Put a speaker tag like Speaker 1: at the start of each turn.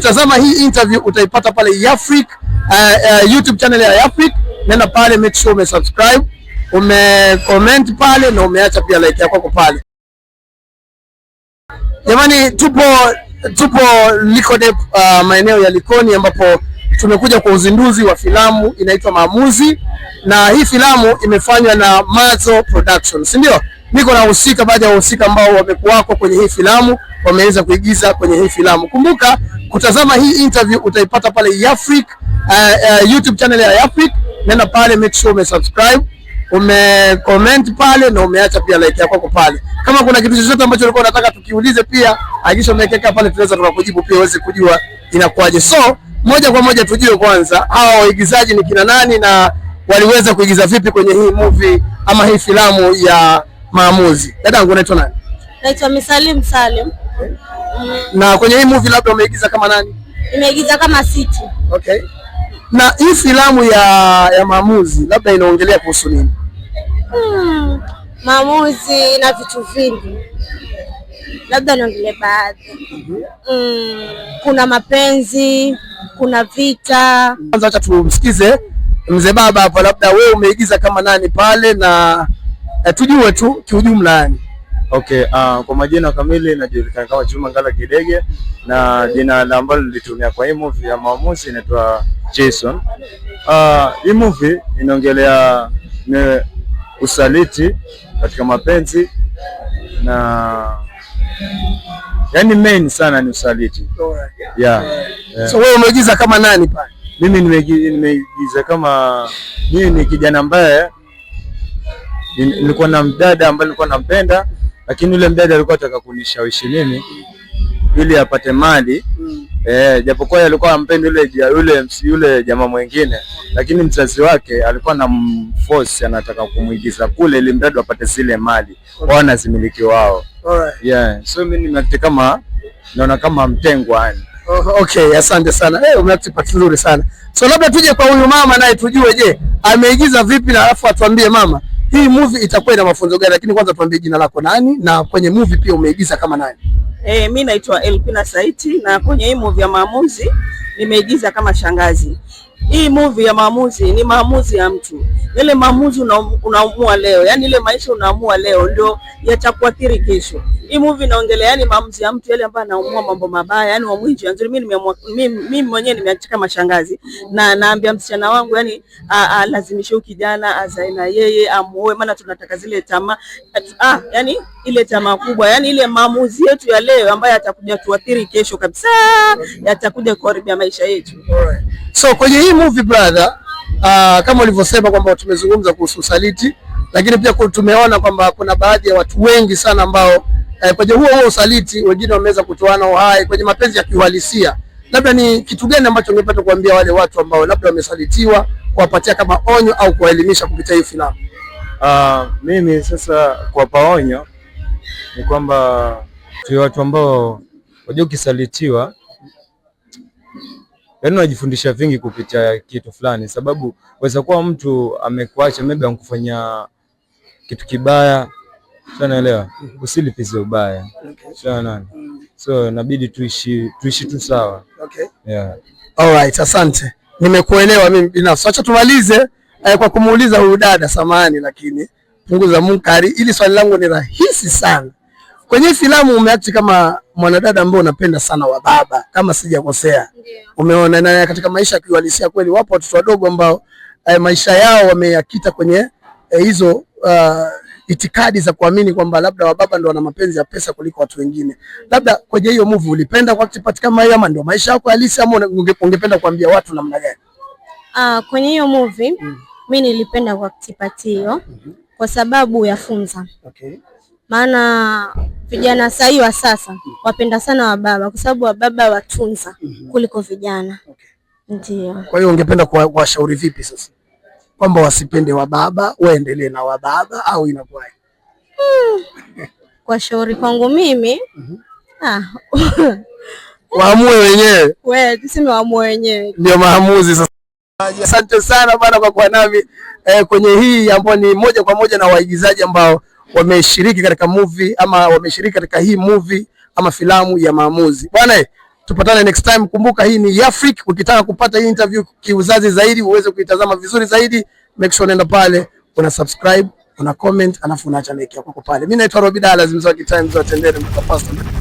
Speaker 1: kutazama hii interview utaipata pale Yafrik, uh, uh, YouTube channel ya Yafrik. Nenda pale, make sure umesubscribe, comment pale na umeacha pia like yako kwako pale. Jamani, tupo tupo Likodep, uh, maeneo ya Likoni ambapo tumekuja kwa uzinduzi wa filamu inaitwa Maamuzi, na hii filamu imefanywa na Mazo Production, si ndio? niko na wahusika, baadhi ya wahusika ambao wamekuwako kwenye hii filamu wameweza kuigiza kwenye hii filamu. Kumbuka kutazama hii interview utaipata pale Yafrik, uh, eh, uh, eh, YouTube channel ya Yafrik. Nenda pale, make sure umesubscribe, comment pale na umeacha pia like yako kwa pale. Kama kuna kitu chochote ambacho ulikuwa unataka tukiulize, pia hakikisha umeweka pale, tunaweza tukakujibu pia uweze kujua inakuwaje. So moja kwa moja tujue kwanza hawa waigizaji ni kina nani na waliweza kuigiza vipi kwenye hii movie ama hii filamu ya maamuzi. Dada yangu unaitwa nani?
Speaker 2: Naitwa Misalim Salim. Mm.
Speaker 1: Na kwenye hii movie labda umeigiza kama nani?
Speaker 2: Nimeigiza kama Siti.
Speaker 1: Okay. Na hii filamu ya ya maamuzi labda inaongelea kuhusu nini?
Speaker 2: Hmm. Maamuzi na vitu vingi labda niongele baadhi. mm -hmm. Mm, kuna mapenzi, kuna vita.
Speaker 1: Kwanza acha tumsikize mzee baba hapo, labda wewe umeigiza kama nani pale na e, tujue tu kiujumla yani. Okay, uh, kwa majina kamili najulikana kama Juma Ngala Kidege na jina la ambalo nilitumia kwa hii movie ya Maamuzi inaitwa Jason. Uh, hii movie inaongelea usaliti katika mapenzi na yani main sana ni usaliti. Yeah. Yeah. So wewe umeigiza kama nani pale? Mimi nimeigiza kama mimi ni kijana mbaya nilikuwa na mdada ambaye nilikuwa nampenda, lakini yule mdada alikuwa anataka kunishawishi mimi ili apate mali mm. Eh, japokuwa alikuwa ampendi yule yule yule jamaa mwingine, lakini mzazi wake alikuwa na force anataka kumuigiza kule ili mdada apate zile mali okay. Wao nazimiliki wao alright. Yeah, so mimi nimeact kama naona kama mtengwa yani. Oh, okay, asante sana eh, umeact pati nzuri sana so labda tuje kwa huyu mama naye tujue, je ameigiza vipi, na alafu atuambie mama hii movie itakuwa ina mafunzo gani? Lakini kwanza tuambie jina lako nani, na kwenye movie pia umeigiza kama nani?
Speaker 2: Eh, mi naitwa Elpina Saiti na kwenye hii movie ya Maamuzi nimeigiza kama shangazi. Hii movie ya maamuzi ni maamuzi ya mtu, ile maamuzi unaamua leo, yani ile maisha unaamua leo ndio yatakuathiri kesho. Hii movie inaongelea yani maamuzi ya mtu, yale ambaye anaamua mambo mabaya, yani wamwinji nzuri. Mimi nimeamua mimi mwenyewe nimeachika mashangazi, na naambia msichana wangu yani alazimishe ukijana azae na yeye amuoe, maana tunataka zile tamaa ah, yani ile tamaa kubwa, yani ile maamuzi yetu ya leo ambayo yatakuja tuathiri kesho kabisa, yatakuja kuharibia maisha yetu.
Speaker 1: So kwenye hii movie brother, uh, kama ulivyosema kwamba tumezungumza kuhusu usaliti, lakini pia tumeona kwamba kuna baadhi ya watu wengi sana ambao eh, kwenye huo huo usaliti wengine wameweza kutoana uhai kwenye mapenzi ya kiuhalisia. Labda ni kitu gani ambacho ungepata kuambia wale watu ambao labda wamesalitiwa, kuwapatia kama onyo au kuwaelimisha kupitia hii filamu? Uh, mimi sasa kwa paonyo ni kwamba watu ambao wajua ukisalitiwa yaani unajifundisha vingi kupitia kitu fulani, sababu waweza kuwa mtu amekuacha maybe ankufanya kitu kibaya Shanaelewa, mhm. usilipize ubaya shana, mm. so inabidi tuishi tuishi tu sawa. Okay. Yeah. All right, asante, nimekuelewa mimi binafsi. Acha tumalize eh, kwa kumuuliza huyu dada, samani lakini punguza munkari, ili swali langu ni rahisi sana. Kwenye filamu umeact kama mwanadada ambaye unapenda sana wa baba, kama sijakosea. Umeona na katika maisha ya kiuhalisia kweli wapo watoto wadogo ambao eh, maisha yao wameyakita kwenye eh, hizo uh, itikadi za kuamini kwamba labda wa baba ndio wana mapenzi ya pesa kuliko watu wengine. Labda kwenye hiyo movie ulipenda kwa part kama hiyo ama ndio maisha yako halisi ama ungependa kuambia watu namna gani?
Speaker 2: Ah, kwenye hiyo movie mm. mimi nilipenda kuact part hiyo mm-hmm. kwa sababu ya funza. Okay maana vijana sahii wa sasa wapenda sana wababa, kwa sababu wababa watunza mhm. kuliko vijana.
Speaker 1: Ndio. Kwa hiyo ungependa kuwashauri vipi sasa, kwamba wasipende wababa, waendelee na wababa au inakuwa
Speaker 2: Hmm. Kwa shauri kwangu mimi mm -hmm. ah.
Speaker 1: waamue wenyewe,
Speaker 2: we, tuseme waamue wenyewe,
Speaker 1: ndio maamuzi sasa. Asante sana bana kwa kuwa nami eh, kwenye hii ambayo ni moja kwa moja na waigizaji ambao wameshiriki katika movie ama wameshiriki katika hii movie ama filamu ya Maamuzi. Bwana, tupatane next time. Kumbuka hii ni Yafric. Ukitaka kupata hii interview kiuzazi zaidi, uweze kuitazama vizuri zaidi, make sure unaenda pale una subscribe, una comment, alafu unaacha like yako pale. Mimi naitwa Robida, lazima zote time zote ndio mtapasta.